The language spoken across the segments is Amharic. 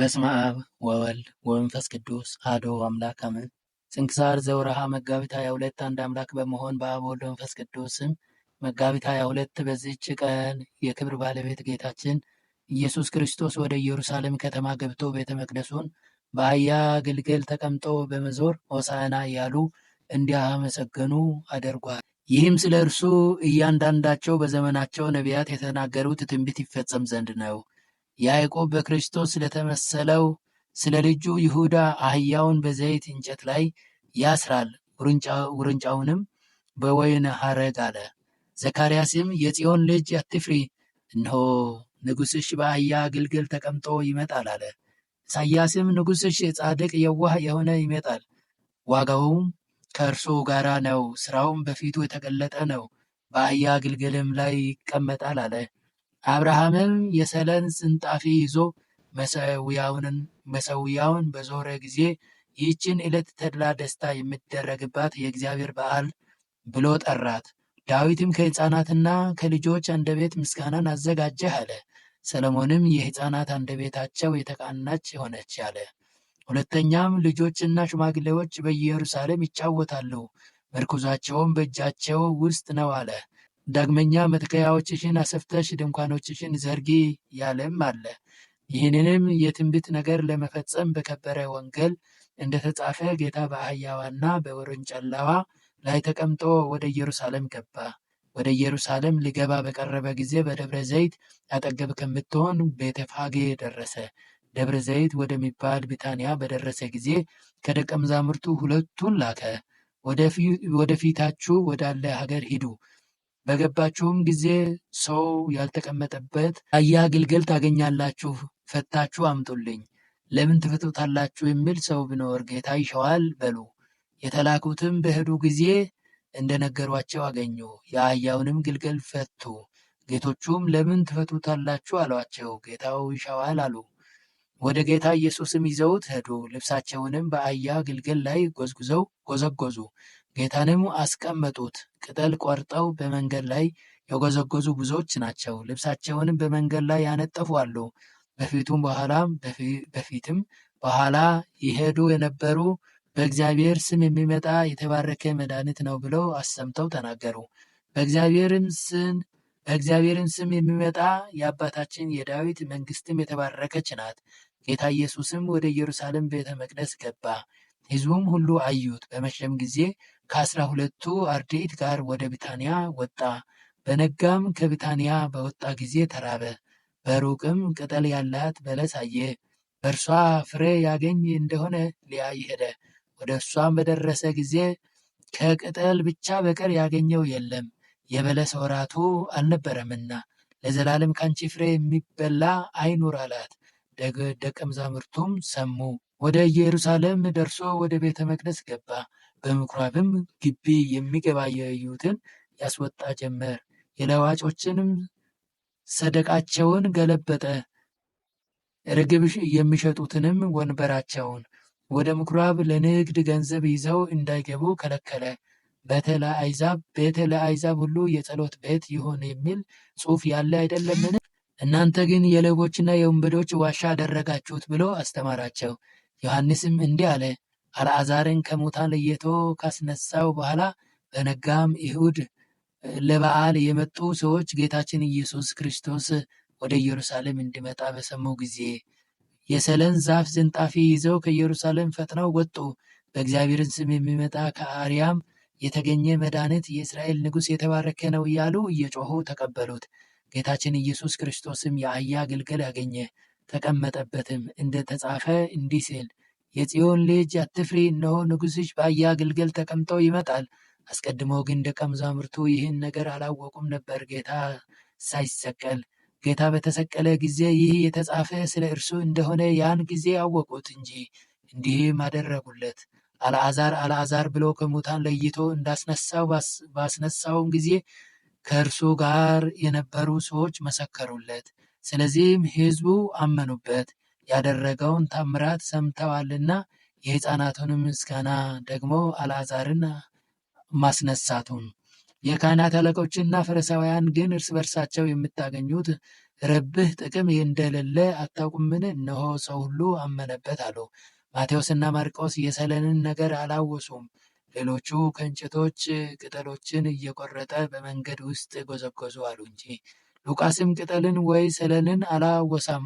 በስመ አብ ወወልድ ወመንፈስ ቅዱስ አሐዱ አምላክ አሜን። ስንክሳር ዘወርኀ መጋቢት 22 አንድ አምላክ በመሆን በአብ ወልድ ወመንፈስ ቅዱስ መጋቢት 22 በዚህች ቀን የክብር ባለቤት ጌታችን ኢየሱስ ክርስቶስ ወደ ኢየሩሳሌም ከተማ ገብቶ ቤተ መቅደሱን በአህያ ግልገል ተቀምጦ በመዞር ሆሳዕና እያሉ እንዲያመሰግኑ አድርጓል። ይህም ስለ እርሱ እያንዳንዳቸው በዘመናቸው ነቢያት የተናገሩት ትንቢት ይፈጸም ዘንድ ነው ያዕቆብ በክርስቶስ ስለተመሰለው ስለ ልጁ ይሁዳ አህያውን በዘይት እንጨት ላይ ያስራል፣ ውርንጫውንም በወይን ሐረግ አለ። ዘካርያስም የጽዮን ልጅ አትፍሪ፣ እነሆ ንጉሥሽ በአህያ ግልግል ተቀምጦ ይመጣል አለ። ኢሳያስም ንጉሥሽ ጻድቅ የዋህ የሆነ ይመጣል፣ ዋጋውም ከእርሱ ጋራ ነው፣ ሥራውም በፊቱ የተገለጠ ነው፣ በአህያ ግልግልም ላይ ይቀመጣል አለ። አብርሃምም የሰለን ጽንጣፊ ይዞ መሰውያውን በዞረ ጊዜ ይህችን ዕለት ተድላ ደስታ የሚደረግባት የእግዚአብሔር በዓል ብሎ ጠራት። ዳዊትም ከሕፃናትና ከልጆች አንደበት ምስጋናን አዘጋጀህ አለ። ሰለሞንም የሕፃናት አንደበታቸው የተቃናች ሆነች አለ። ሁለተኛም ልጆችና ሽማግሌዎች በኢየሩሳሌም ይጫወታሉ፣ ምርኩዛቸውም በእጃቸው ውስጥ ነው አለ። ዳግመኛ መትከያዎችሽን አሰፍተሽ ድንኳኖችሽን ዘርጊ ያለም አለ። ይህንንም የትንቢት ነገር ለመፈጸም በከበረ ወንጌል እንደተጻፈ ጌታ በአህያዋና በውርንጨላዋ ላይ ተቀምጦ ወደ ኢየሩሳሌም ገባ። ወደ ኢየሩሳሌም ሊገባ በቀረበ ጊዜ በደብረ ዘይት አጠገብ ከምትሆን ቤተፋጌ ደረሰ። ደብረ ዘይት ወደሚባል ቢታንያ በደረሰ ጊዜ ከደቀ መዛሙርቱ ሁለቱን ላከ። ወደፊታችሁ ወዳለ ሀገር ሂዱ በገባችሁም ጊዜ ሰው ያልተቀመጠበት አያ ግልገል ታገኛላችሁ፣ ፈታችሁ አምጡልኝ። ለምን ትፈቱታላችሁ? የሚል ሰው ቢኖር ጌታ ይሸዋል በሉ። የተላኩትም በሄዱ ጊዜ እንደነገሯቸው አገኙ። የአያውንም ግልገል ፈቱ። ጌቶቹም ለምን ትፈቱታላችሁ? አሏቸው። ጌታው ይሸዋል አሉ። ወደ ጌታ ኢየሱስም ይዘውት ሄዱ። ልብሳቸውንም በአያ ግልገል ላይ ጎዝጉዘው ጎዘጎዙ። ጌታንም አስቀመጡት። ቅጠል ቆርጠው በመንገድ ላይ የጎዘጎዙ ብዙዎች ናቸው። ልብሳቸውንም በመንገድ ላይ ያነጠፉ አሉ። በፊቱም በኋላ በፊትም በኋላ ይሄዱ የነበሩ በእግዚአብሔር ስም የሚመጣ የተባረከ መድኃኒት ነው ብለው አሰምተው ተናገሩ። በእግዚአብሔርም ስም በእግዚአብሔርም ስም የሚመጣ የአባታችን የዳዊት መንግስትም የተባረከች ናት። ጌታ ኢየሱስም ወደ ኢየሩሳሌም ቤተ መቅደስ ገባ። ሕዝቡም ሁሉ አዩት። በመሸም ጊዜ ከአስራ ሁለቱ አርድእት ጋር ወደ ቢታንያ ወጣ። በነጋም ከቢታንያ በወጣ ጊዜ ተራበ። በሩቅም ቅጠል ያላት በለስ አየ። በእርሷ ፍሬ ያገኝ እንደሆነ ሊያይ ሄደ። ወደ እርሷም በደረሰ ጊዜ ከቅጠል ብቻ በቀር ያገኘው የለም፣ የበለስ ወራቱ አልነበረምና። ለዘላለም ካንቺ ፍሬ የሚበላ አይኑር አላት። ደቀ መዛሙርቱም ሰሙ። ወደ ኢየሩሳሌም ደርሶ ወደ ቤተ መቅደስ ገባ። በምኩራብም ግቢ የዩትን ያስወጣ ጀመር። የለዋጮችንም ሰደቃቸውን ገለበጠ፣ ርግብ የሚሸጡትንም ወንበራቸውን። ወደ ምኩራብ ለንግድ ገንዘብ ይዘው እንዳይገቡ ከለከለ። ቤተ ለአሕዛብ ሁሉ የጸሎት ቤት ይሆን የሚል ጽሑፍ ያለ አይደለምን? እናንተ ግን የሌቦችና የወንበዶች ዋሻ አደረጋችሁት ብሎ አስተማራቸው። ዮሐንስም እንዲህ አለ፣ አልዓዛርን ከሙታን ለይቶ ካስነሳው በኋላ በነጋም ይሁድ ለበዓል የመጡ ሰዎች ጌታችን ኢየሱስ ክርስቶስ ወደ ኢየሩሳሌም እንዲመጣ በሰሙ ጊዜ የሰለን ዛፍ ዝንጣፊ ይዘው ከኢየሩሳሌም ፈጥነው ወጡ። በእግዚአብሔርን ስም የሚመጣ ከአርያም የተገኘ መድኃኒት የእስራኤል ንጉሥ የተባረከ ነው እያሉ እየጮኹ ተቀበሉት። ጌታችን ኢየሱስ ክርስቶስም የአህያ ግልገል አገኘ። ተቀመጠበትም ተጻፈ እንዲህ ሲል የጽዮን ልጅ አትፍሪ፣ እነሆ ንጉሥሽ በአህያ ግልገል ተቀምጦ ይመጣል። አስቀድሞ ግን ደቀ መዛሙርቱ ይህን ነገር አላወቁም ነበር። ጌታ ሳይሰቀል ጌታ በተሰቀለ ጊዜ ይህ የተጻፈ ስለ እርሱ እንደሆነ ያን ጊዜ አወቁት እንጂ። እንዲህም አደረጉለት፣ አልዓዛር አልዓዛር ብሎ ከሙታን ለይቶ እንዳስነሳው ባስነሳውም ጊዜ ከእርሱ ጋር የነበሩ ሰዎች መሰከሩለት። ስለዚህም ሕዝቡ አመኑበት፣ ያደረገውን ታምራት ሰምተዋልና የህፃናቱን ምስጋና ደግሞ አልዓዛርን ማስነሳቱን። የካህናት አለቆችና ፈሪሳውያን ግን እርስ በርሳቸው የምታገኙት ርብህ ጥቅም እንደሌለ አታውቁምን? እነሆ ሰው ሁሉ አመነበት አሉ። ማቴዎስና ማርቆስ የሰለንን ነገር አላወሱም። ሌሎቹ ከእንጨቶች ቅጠሎችን እየቆረጠ በመንገድ ውስጥ ጎዘጎዙ አሉ እንጂ ሉቃስም ቅጠልን ወይ ሰለልን አላወሳም፤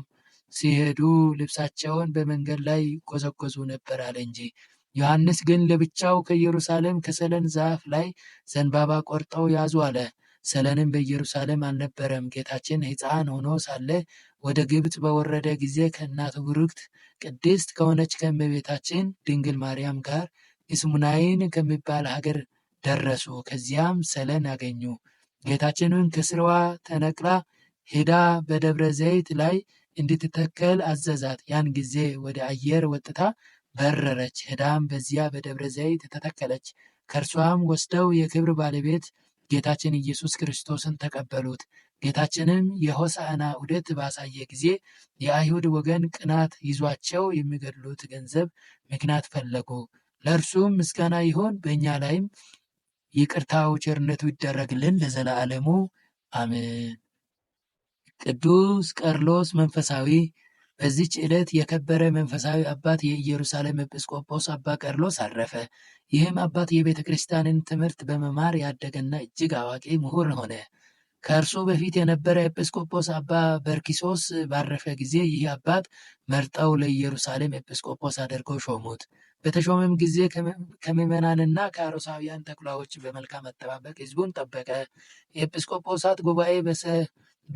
ሲሄዱ ልብሳቸውን በመንገድ ላይ ይጎዘጉዙ ነበር አለ እንጂ። ዮሐንስ ግን ለብቻው ከኢየሩሳሌም ከሰለን ዛፍ ላይ ዘንባባ ቆርጠው ያዙ አለ። ሰለንም በኢየሩሳሌም አልነበረም፤ ጌታችን ሕፃን ሆኖ ሳለ ወደ ግብፅ በወረደ ጊዜ ከእናቱ ርግት ቅድስት ከሆነች ከእመቤታችን ድንግል ማርያም ጋር ኢስሙናይን ከሚባል ሀገር ደረሱ። ከዚያም ሰለን አገኙ። ጌታችንም ከስርዋ ተነቅላ ሄዳ በደብረ ዘይት ላይ እንድትተከል አዘዛት። ያን ጊዜ ወደ አየር ወጥታ በረረች። ሄዳም በዚያ በደብረ ዘይት ተተከለች። ከእርሷም ወስደው የክብር ባለቤት ጌታችን ኢየሱስ ክርስቶስን ተቀበሉት። ጌታችንም የሆሳዕና ዑደት ባሳየ ጊዜ የአይሁድ ወገን ቅናት ይዟቸው የሚገድሉት ገንዘብ ምክንያት ፈለጉ። ለእርሱም ምስጋና ይሁን፣ በእኛ ላይም ይቅርታው ቸርነቱ ይደረግልን ለዘላለሙ አሜን። ቅዱስ ቀርሎስ መንፈሳዊ በዚች ዕለት የከበረ መንፈሳዊ አባት የኢየሩሳሌም ኤጲስቆጶስ አባ ቀርሎስ አረፈ። ይህም አባት የቤተ ክርስቲያንን ትምህርት በመማር ያደገና እጅግ አዋቂ ምሁር ሆነ። ከእርሱ በፊት የነበረ ኤጲስቆጶስ አባ በርኪሶስ ባረፈ ጊዜ ይህ አባት መርጠው ለኢየሩሳሌም ኤጲስቆጶስ አድርገው ሾሙት። በተሾመም ጊዜ ከምዕመናንና ከአሮሳውያን ተኩላዎች በመልካም አጠባበቅ ሕዝቡን ጠበቀ። የኤጲስቆጶሳት ጉባኤ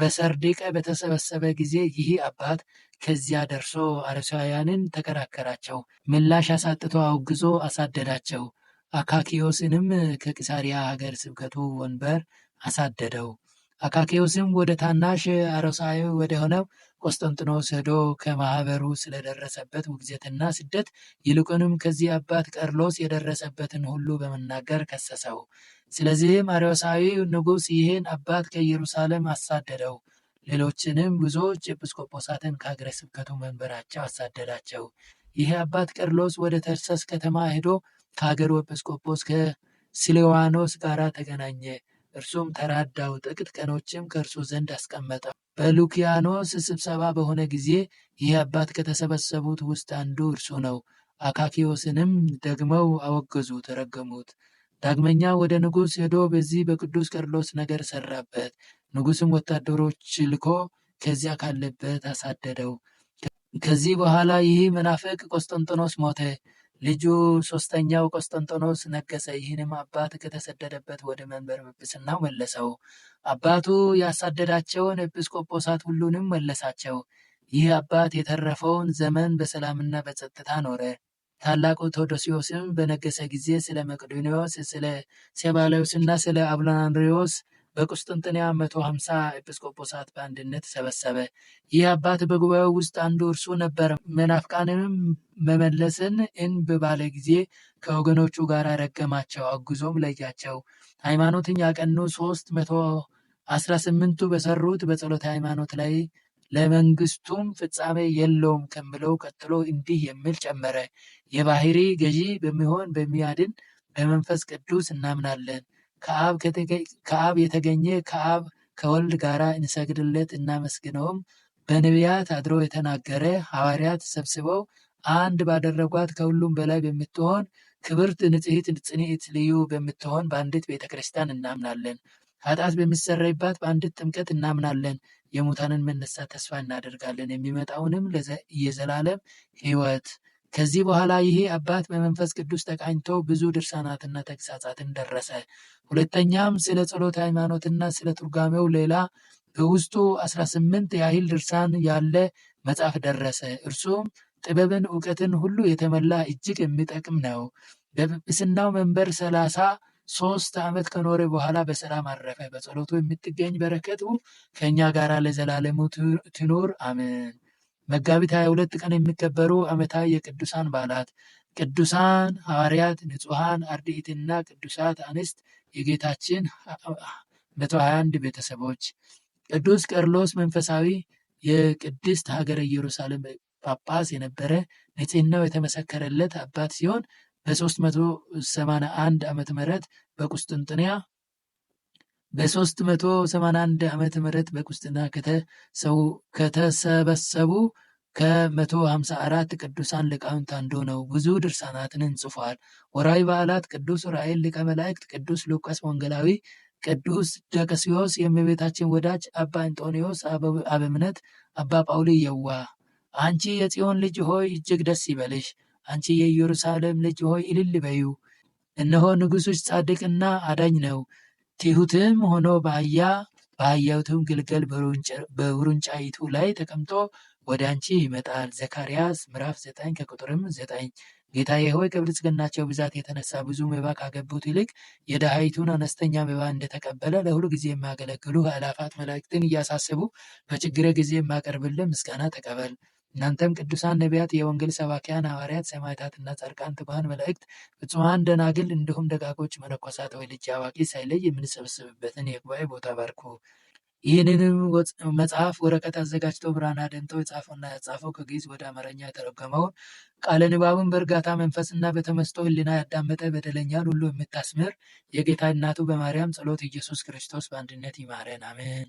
በሰርዲቀ በተሰበሰበ ጊዜ ይህ አባት ከዚያ ደርሶ አሮሳውያንን ተከራከራቸው። ምላሽ አሳጥቶ አውግዞ አሳደዳቸው። አካኪዮስንም ከቂሳሪያ ሀገር ስብከቱ ወንበር አሳደደው። አካኬዎስም ወደ ታናሽ አረሳዊ ሆነው ቆስጠንጥኖስ ሄዶ ከማህበሩ ስለደረሰበት ውግዘትና ስደት ይልቁንም ከዚህ አባት ቀርሎስ የደረሰበትን ሁሉ በመናገር ከሰሰው። ስለዚህም አርዮሳዊ ንጉሥ ይህን አባት ከኢየሩሳሌም አሳደደው። ሌሎችንም ብዙዎች ኤጲስቆጶሳትን ከአገረ ስብከቱ መንበራቸው አሳደዳቸው። ይህ አባት ቀርሎስ ወደ ተርሰስ ከተማ ሄዶ ከአገሩ ኤጲስቆጶስ ከስሌዋኖስ ጋር ተገናኘ። እርሱም ተራዳው፣ ጥቂት ቀኖችም ከእርሱ ዘንድ አስቀመጠው። በሉኪያኖስ ስብሰባ በሆነ ጊዜ ይህ አባት ከተሰበሰቡት ውስጥ አንዱ እርሱ ነው። አካኪዮስንም ደግመው አወገዙ፣ ተረገሙት ዳግመኛ ወደ ንጉሥ ሄዶ በዚህ በቅዱስ ቀርሎስ ነገር ሰራበት። ንጉሥም ወታደሮች ልኮ ከዚያ ካለበት አሳደደው። ከዚህ በኋላ ይህ መናፍቅ ቆስጠንጢኖስ ሞተ። ልጁ ሶስተኛው ቆስጠንጦኖስ ነገሰ ይህንም አባት ከተሰደደበት ወደ መንበር ጵጵስናው መለሰው። አባቱ ያሳደዳቸውን ኤጲስቆጶሳት ሁሉንም መለሳቸው። ይህ አባት የተረፈውን ዘመን በሰላምና በጸጥታ ኖረ። ታላቁ ቴዎዶስዮስም በነገሰ ጊዜ ስለ መቅዶኒዎስ፣ ስለ ሴባልዮስና ስለ አብላንድሪዎስ በቁስጥንጥንያ 150 ኤጲስቆጶሳት በአንድነት ሰበሰበ። ይህ አባት በጉባኤው ውስጥ አንዱ እርሱ ነበር። መናፍቃንንም መመለስን እንብ ባለ ጊዜ ከወገኖቹ ጋር ረገማቸው፣ አጉዞም ለያቸው። ሃይማኖትን ያቀኑ ሦስት መቶ አስራ ስምንቱ በሰሩት በጸሎተ ሃይማኖት ላይ ለመንግስቱም ፍጻሜ የለውም ከምለው ቀጥሎ እንዲህ የሚል ጨመረ። የባህሪ ገዢ በሚሆን በሚያድን በመንፈስ ቅዱስ እናምናለን። ከአብ የተገኘ ከአብ ከወልድ ጋር እንሰግድለት እናመስግነውም። በነቢያት አድሮ የተናገረ ሐዋርያት ተሰብስበው አንድ ባደረጓት ከሁሉም በላይ በምትሆን ክብርት ንጽሕት ጽንዕት ልዩ በምትሆን በአንዲት ቤተ ክርስቲያን እናምናለን። ኃጢአት በሚሰረይባት በአንዲት ጥምቀት እናምናለን። የሙታንን መነሳት ተስፋ እናደርጋለን። የሚመጣውንም የዘላለም ሕይወት ከዚህ በኋላ ይሄ አባት በመንፈስ ቅዱስ ተቃኝቶ ብዙ ድርሳናትና ተግሳጻትን ደረሰ። ሁለተኛም ስለ ጸሎት ሃይማኖትና ስለ ትርጓሜው ሌላ በውስጡ 18 ያህል ድርሳን ያለ መጽሐፍ ደረሰ። እርሱም ጥበብን እውቀትን ሁሉ የተሞላ እጅግ የሚጠቅም ነው። በጵጵስናው መንበር ሰላሳ ሶስት ዓመት ከኖረ በኋላ በሰላም አረፈ። በጸሎቱ የምትገኝ በረከቱ ከእኛ ጋር ለዘላለሙ ትኑር አሜን። መጋቢት 22 ቀን የሚከበሩ ዓመታዊ የቅዱሳን በዓላት ቅዱሳን ሐዋርያት፣ ንጹሐን አርድእትና ቅዱሳት አንስት የጌታችን 121 ቤተሰቦች፣ ቅዱስ ቀርሎስ መንፈሳዊ የቅድስት ሀገረ ኢየሩሳሌም ጳጳስ የነበረ ንጽህናው የተመሰከረለት አባት ሲሆን በ381 ዓመተ ምረት በቁስጥንጥንያ በ381 ዓመተ ምህረት በቁስጥና ከተሰበሰቡ ከ154 ቅዱሳን ሊቃውንት አንዱ ነው። ብዙ ድርሳናትን ጽፏል። ወራዊ በዓላት ቅዱስ ዑራኤል ሊቀ መላእክት፣ ቅዱስ ሉቃስ ወንጌላዊ፣ ቅዱስ ዲዮስቆሮስ የእመቤታችን ወዳጅ፣ አባ አንጦኒዎስ አበምኔት፣ አባ ጳውሊ የዋ። አንቺ የጽዮን ልጅ ሆይ እጅግ ደስ ይበልሽ፣ አንቺ የኢየሩሳሌም ልጅ ሆይ እልል በዩ። እነሆ ንጉሶች ጻድቅና አዳኝ ነው ትሑትም ሆኖ በአህያ በአህያይቱም ግልገል በውርንጫይቱ ላይ ተቀምጦ ወደ አንቺ ይመጣል። ዘካርያስ ምዕራፍ ዘጠኝ ከቁጥርም ዘጠኝ ጌታዬ ሆይ ከብልጽግናቸው ብዛት የተነሳ ብዙ መባ ካገቡት ይልቅ የድሃይቱን አነስተኛ መባ እንደተቀበለ ለሁሉ ጊዜ የሚያገለግሉ አእላፋት መላእክትን እያሳሰቡ በችግረ ጊዜ የማቀርብልን ምስጋና ተቀበል። እናንተም ቅዱሳን ነቢያት፣ የወንጌል ሰባኪያን ሐዋርያት፣ ሰማዕታትና ጻድቃን፣ ትጉሃን መላእክት፣ ፍጹማን ደናግል፣ እንዲሁም ደጋጎች መነኮሳት ወይ ልጅ አዋቂ ሳይለይ የምንሰበስብበትን የጉባኤ ቦታ ባርኩ። ይህንንም መጽሐፍ ወረቀት አዘጋጅቶ ብራና ደምጦ የጻፈውና ያጻፈው ከግዕዝ ወደ አማርኛ የተረጎመውን ቃለ ንባቡን በእርጋታ መንፈስና በተመስጦ ሕሊና ያዳመጠ በደለኛን ሁሉ የምታስምር የጌታ እናቱ በማርያም ጸሎት ኢየሱስ ክርስቶስ በአንድነት ይማረን፣ አሜን።